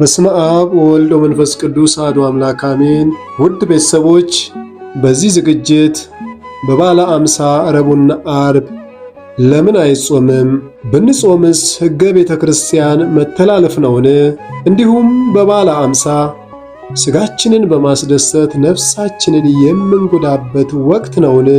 በስመ አብ ወወልድ ወመንፈስ ቅዱስ አሐዱ አምላክ አሜን። ውድ ቤተሰቦች በዚህ ዝግጅት በበዓለ አምሳ ረቡዕና ዓርብ ለምን አይጾምም? ብንጾምስ ሕገ ቤተ ክርስቲያን መተላለፍ ነውን? እንዲሁም በበዓለ አምሳ ሥጋችንን በማስደሰት ነፍሳችንን የምንጎዳበት ወቅት ነውን?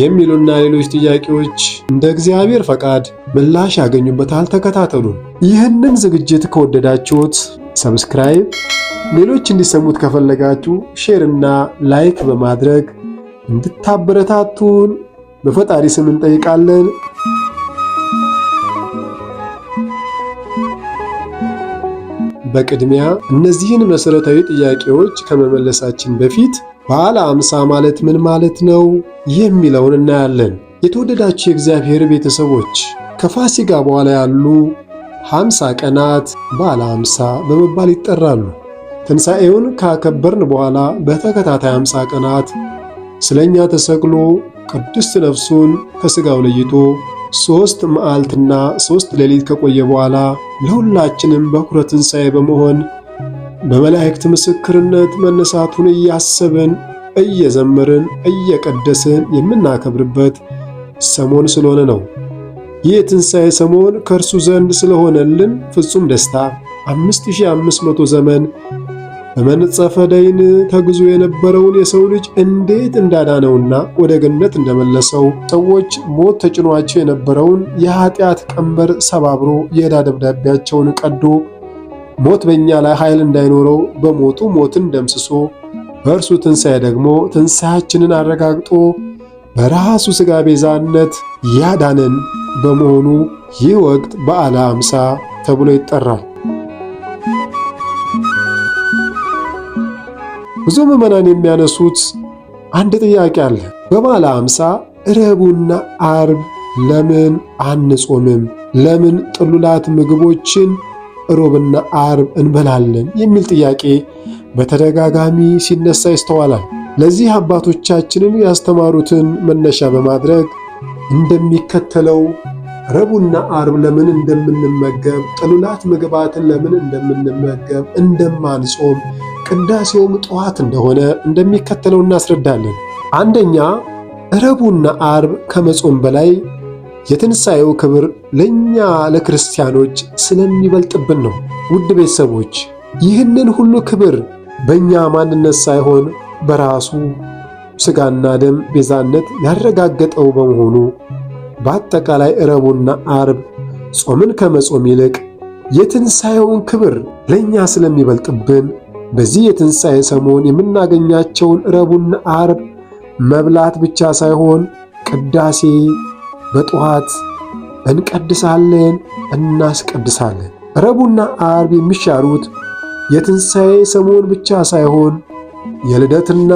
የሚሉና ሌሎች ጥያቄዎች እንደ እግዚአብሔር ፈቃድ ምላሽ ያገኙበታል። ተከታተሉ ይህንን ዝግጅት ከወደዳችሁት ሰብስክራይብ፣ ሌሎች እንዲሰሙት ከፈለጋችሁ ሼርና ላይክ በማድረግ እንድታበረታቱን በፈጣሪ ስም እንጠይቃለን። በቅድሚያ እነዚህን መሰረታዊ ጥያቄዎች ከመመለሳችን በፊት በዓለ አምሳ ማለት ምን ማለት ነው የሚለውን እናያለን። የተወደዳችሁ የእግዚአብሔር ቤተሰቦች ከፋሲጋ በኋላ ያሉ ሐምሳ ቀናት በዓለ አምሳ በመባል ይጠራሉ። ትንሣኤውን ካከበርን በኋላ በተከታታይ አምሳ ቀናት ስለ እኛ ተሰቅሎ ቅድስት ነፍሱን ከሥጋው ለይቶ ሦስት መዓልትና ሦስት ሌሊት ከቆየ በኋላ ለሁላችንም በኩረ ትንሣኤ በመሆን በመላእክት ምስክርነት መነሳቱን እያሰብን እየዘመርን እየቀደስን የምናከብርበት ሰሞን ስለሆነ ነው። ይህ የትንሣኤ ሰሞን ከእርሱ ዘንድ ስለሆነልን ፍጹም ደስታ 5500 ዘመን በመንጸፈ ደይን ተግዞ የነበረውን የሰው ልጅ እንዴት እንዳዳነውና ወደ ገነት እንደመለሰው ሰዎች ሞት ተጭኗቸው የነበረውን የኀጢአት ቀንበር ሰባብሮ የዕዳ ደብዳቤያቸውን ቀዶ ሞት በእኛ ላይ ኃይል እንዳይኖረው በሞቱ ሞትን ደምስሶ በእርሱ ትንሣኤ ደግሞ ትንሣያችንን አረጋግጦ በራሱ ሥጋ ቤዛነት ያዳነን በመሆኑ ይህ ወቅት በዓለ ሃምሳ ተብሎ ይጠራል። ብዙ ምዕመናን የሚያነሱት አንድ ጥያቄ አለ። በበዓለ ሃምሳ ረቡዕና አርብ ለምን አንጾምም? ለምን ጥሉላት ምግቦችን ሮብና አርብ እንበላለን የሚል ጥያቄ በተደጋጋሚ ሲነሳ ይስተዋላል። ለዚህ አባቶቻችንን ያስተማሩትን መነሻ በማድረግ እንደሚከተለው ረቡና አርብ ለምን እንደምንመገብ፣ ጥሉላት ምግባትን ለምን እንደምንመገብ፣ እንደማንጾም፣ ቅዳሴውም ጠዋት እንደሆነ እንደሚከተለው እናስረዳለን። አንደኛ ረቡና አርብ ከመጾም በላይ የትንሣኤው ክብር ለእኛ ለክርስቲያኖች ስለሚበልጥብን ነው። ውድ ቤተሰቦች ይህንን ሁሉ ክብር በእኛ ማንነት ሳይሆን በራሱ ሥጋና ደም ቤዛነት ያረጋገጠው በመሆኑ በአጠቃላይ ዕረቡና አርብ ጾምን ከመጾም ይልቅ የትንሣኤውን ክብር ለእኛ ስለሚበልጥብን በዚህ የትንሣኤ ሰሞን የምናገኛቸውን ዕረቡና አርብ መብላት ብቻ ሳይሆን ቅዳሴ በጠዋት እንቀድሳለን እናስቀድሳለን። ረቡዕና አርብ የሚሻሩት የትንሣኤ ሰሞን ብቻ ሳይሆን የልደትና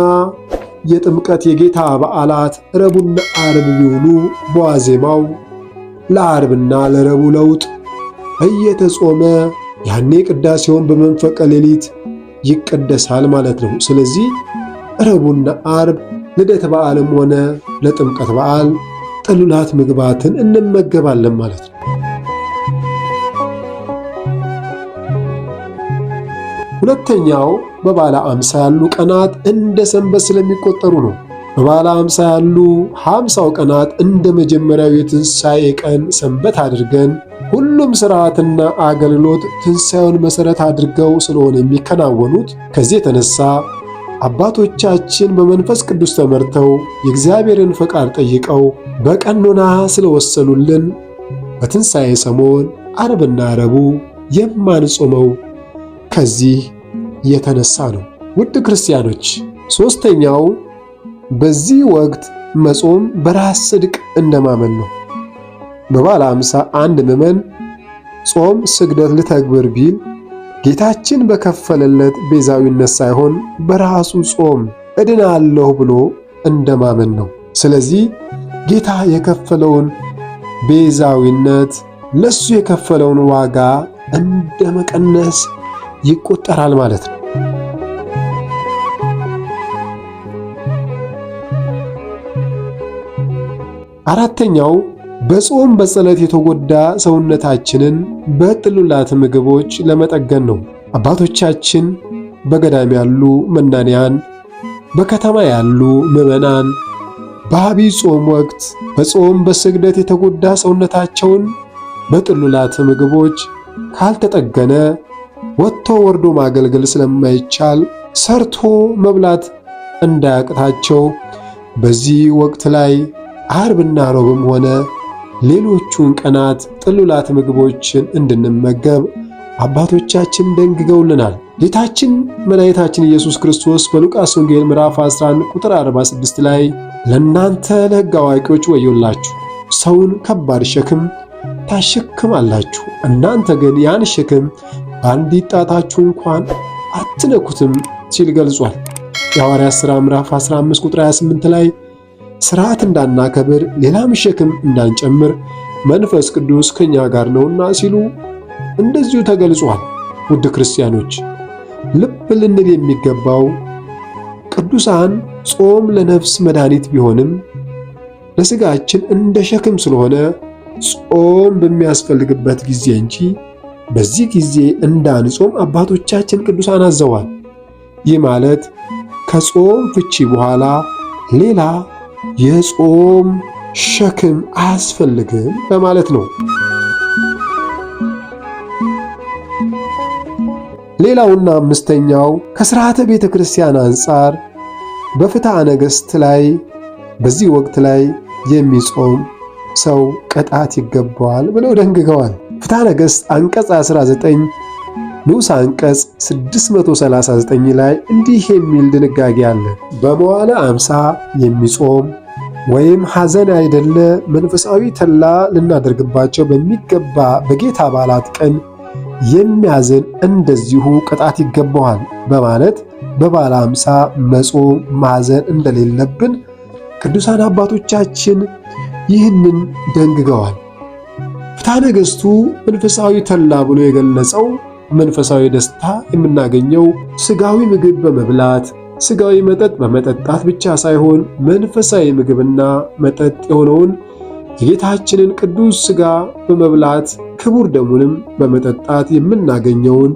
የጥምቀት የጌታ በዓላት ረቡዕና አርብ ቢውሉ በዋዜማው ለአርብና ለረቡዕ ለውጥ እየተጾመ ያኔ ቅዳሴውን በመንፈቀ ሌሊት ይቀደሳል ማለት ነው። ስለዚህ ረቡዕና አርብ ልደት በዓልም ሆነ ለጥምቀት በዓል ጥሉላት ምግባትን እንመገባለን ማለት ነው። ሁለተኛው በባለ አምሳ ያሉ ቀናት እንደ ሰንበት ስለሚቆጠሩ ነው። በባለ አምሳ ያሉ ሀምሳው ቀናት እንደ መጀመሪያው የትንሣኤ ቀን ሰንበት አድርገን ሁሉም ሥርዓትና አገልግሎት ትንሣኤውን መሠረት አድርገው ስለሆነ የሚከናወኑት ከዚህ የተነሳ አባቶቻችን በመንፈስ ቅዱስ ተመርተው የእግዚአብሔርን ፈቃድ ጠይቀው በቀኖና ስለወሰኑልን በትንሣኤ ሰሞን አርብና ረቡዕ የማንጾመው ከዚህ የተነሳ ነው። ውድ ክርስቲያኖች፣ ሦስተኛው በዚህ ወቅት መጾም በራስ ጽድቅ እንደማመን ነው። በበዓለ ሃምሳ አንድ ምዕመን ጾም ስግደት ልተግብር ቢል ጌታችን በከፈለለት ቤዛዊነት ሳይሆን በራሱ ጾም እድናለሁ ብሎ እንደማመን ነው። ስለዚህ ጌታ የከፈለውን ቤዛዊነት ለሱ የከፈለውን ዋጋ እንደ መቀነስ ይቆጠራል ማለት ነው። አራተኛው በጾም በጸለት የተጎዳ ሰውነታችንን በጥሉላት ምግቦች ለመጠገን ነው። አባቶቻችን፣ በገዳም ያሉ መናንያን፣ በከተማ ያሉ ምዕመናን በዐቢይ ጾም ወቅት በጾም በስግደት የተጎዳ ሰውነታቸውን በጥሉላት ምግቦች ካልተጠገነ ወጥቶ ወርዶ ማገልገል ስለማይቻል ሰርቶ መብላት እንዳያቅታቸው በዚህ ወቅት ላይ ዓርብና ሮብም ሆነ ሌሎቹን ቀናት ጥሉላት ምግቦችን እንድንመገብ አባቶቻችን ደንግገውልናል። ጌታችን መድኃኒታችን ኢየሱስ ክርስቶስ በሉቃስ ወንጌል ምዕራፍ 11 ቁጥር 46 ላይ ለእናንተ ለሕግ አዋቂዎች ወዮላችሁ፣ ሰውን ከባድ ሸክም ታሸክማላችሁ፣ እናንተ ግን ያን ሸክም በአንዲት ጣታችሁ እንኳን አትነኩትም ሲል ገልጿል። የሐዋርያት ሥራ ምዕራፍ 15 ቁጥር 28 ላይ ሥርዓት እንዳናከብር ሌላም ሸክም እንዳንጨምር መንፈስ ቅዱስ ከእኛ ጋር ነውና ሲሉ እንደዚሁ ተገልጿል። ውድ ክርስቲያኖች ልብ ልንል የሚገባው ቅዱሳን ጾም ለነፍስ መድኃኒት ቢሆንም ለስጋችን እንደ ሸክም ስለሆነ ጾም በሚያስፈልግበት ጊዜ እንጂ በዚህ ጊዜ እንዳንጾም አባቶቻችን ቅዱሳን አዘዋል። ይህ ማለት ከጾም ፍቺ በኋላ ሌላ የጾም ሸክም አያስፈልግም በማለት ነው። ሌላውና አምስተኛው ከሥርዓተ ቤተ ክርስቲያን አንጻር በፍትሐ ነገሥት ላይ በዚህ ወቅት ላይ የሚጾም ሰው ቅጣት ይገባዋል ብለው ደንግገዋል። ፍትሐ ነገሥት አንቀጽ 19 ንዑስ አንቀጽ 639 ላይ እንዲህ የሚል ድንጋጌ አለ። በመዋለ አምሳ የሚጾም ወይም ሐዘን አይደለ መንፈሳዊ ተላ ልናደርግባቸው በሚገባ በጌታ በዓላት ቀን የሚያዝን እንደዚሁ ቅጣት ይገባዋል በማለት በበዓለ ሃምሳ መጾም ማዘን እንደሌለብን ቅዱሳን አባቶቻችን ይህንን ደንግገዋል። ፍትሐ ነገሥቱ መንፈሳዊ ተላ ብሎ የገለጸው መንፈሳዊ ደስታ የምናገኘው ስጋዊ ምግብ በመብላት ስጋዊ መጠጥ በመጠጣት ብቻ ሳይሆን መንፈሳዊ ምግብና መጠጥ የሆነውን የጌታችንን ቅዱስ ስጋ በመብላት ክቡር ደሙንም በመጠጣት የምናገኘውን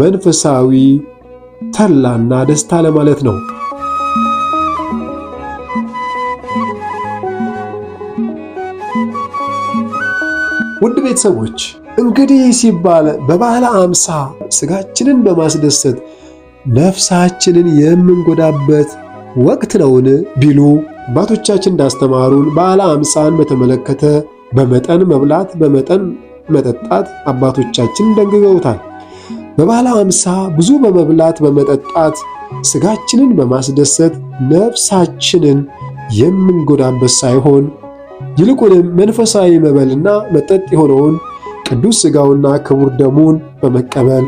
መንፈሳዊ ተላና ደስታ ለማለት ነው። ውድ ቤተሰቦች እንግዲህ ሲባል በባለ አምሳ ስጋችንን በማስደሰት ነፍሳችንን የምንጎዳበት ወቅት ነውን ቢሉ አባቶቻችን እንዳስተማሩን በዓለ አምሳን በተመለከተ በመጠን መብላት በመጠን መጠጣት አባቶቻችን ደንግገውታል። በባለ አምሳ ብዙ በመብላት በመጠጣት ስጋችንን በማስደሰት ነፍሳችንን የምንጎዳበት ሳይሆን ይልቁንም መንፈሳዊ መበልና መጠጥ የሆነውን ቅዱስ ስጋውና ክቡር ደሙን በመቀበል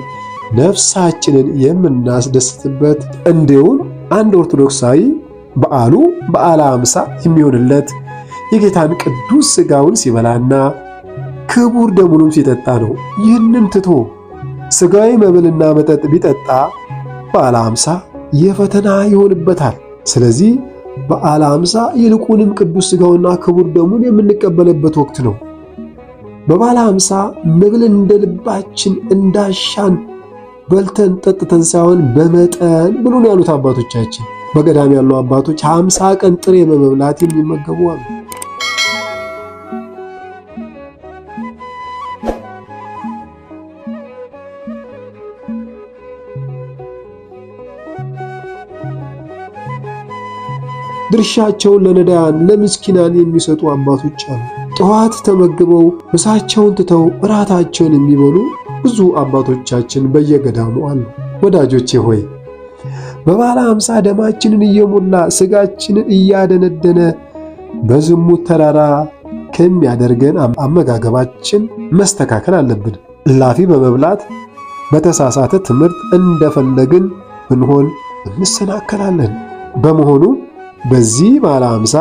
ነፍሳችንን የምናስደስትበት እንዲሁም አንድ ኦርቶዶክሳዊ በዓሉ በዓለ አምሳ የሚሆንለት የጌታን ቅዱስ ስጋውን ሲበላና ክቡር ደሙንም ሲጠጣ ነው። ይህንን ትቶ ሥጋዊ መብልና መጠጥ ቢጠጣ በዓለ ሃምሳ የፈተና ይሆንበታል። ስለዚህ በዓለ ሃምሳ ይልቁንም ቅዱስ ሥጋውና ክቡር ደሙን የምንቀበልበት ወቅት ነው። በበዓለ ሃምሳ መብል እንደ ልባችን እንዳሻን በልተን ጠጥተን ሳይሆን በመጠን ብሉን ያሉት አባቶቻችን። በገዳም ያሉ አባቶች ሃምሳ ቀን ጥሬ በመብላት የሚመገቡ አሉ። ድርሻቸውን ለነዳያን ለምስኪናን የሚሰጡ አባቶች አሉ። ጠዋት ተመግበው ምሳቸውን ትተው እራታቸውን የሚበሉ ብዙ አባቶቻችን በየገዳሙ አሉ። ወዳጆቼ ሆይ በባለ አምሳ ደማችንን እየሞላ ስጋችንን እያደነደነ በዝሙት ተራራ ከሚያደርገን አመጋገባችን መስተካከል አለብን። እላፊ በመብላት በተሳሳተ ትምህርት እንደፈለግን ብንሆን እንሰናከላለን። በመሆኑ በዚህ በዓለ ሃምሳ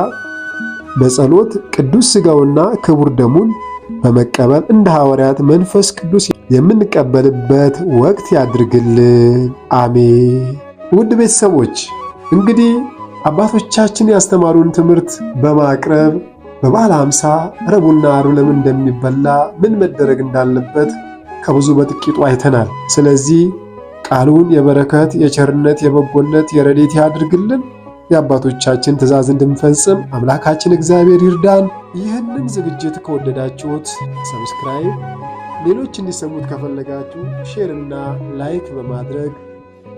በጸሎት ቅዱስ ሥጋውና ክቡር ደሙን በመቀበል እንደ ሐዋርያት መንፈስ ቅዱስ የምንቀበልበት ወቅት ያድርግልን። አሜን። ውድ ቤተሰቦች እንግዲህ አባቶቻችን ያስተማሩን ትምህርት በማቅረብ በበዓለ ሃምሳ ረቡዕና ዓርብ ለምን እንደሚበላ ምን መደረግ እንዳለበት ከብዙ በጥቂቱ አይተናል። ስለዚህ ቃሉን የበረከት የቸርነት የበጎነት የረዴት ያድርግልን። የአባቶቻችን ትእዛዝ እንድንፈጽም አምላካችን እግዚአብሔር ይርዳን። ይህንን ዝግጅት ከወደዳችሁት ሰብስክራይብ፣ ሌሎች እንዲሰሙት ከፈለጋችሁ ሼርና ላይክ በማድረግ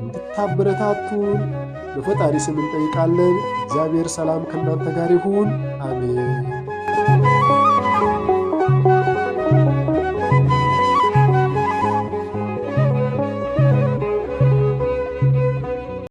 እንድታበረታቱን በፈጣሪ ስም እንጠይቃለን። እግዚአብሔር ሰላም ከእናንተ ጋር ይሁን። አሜን።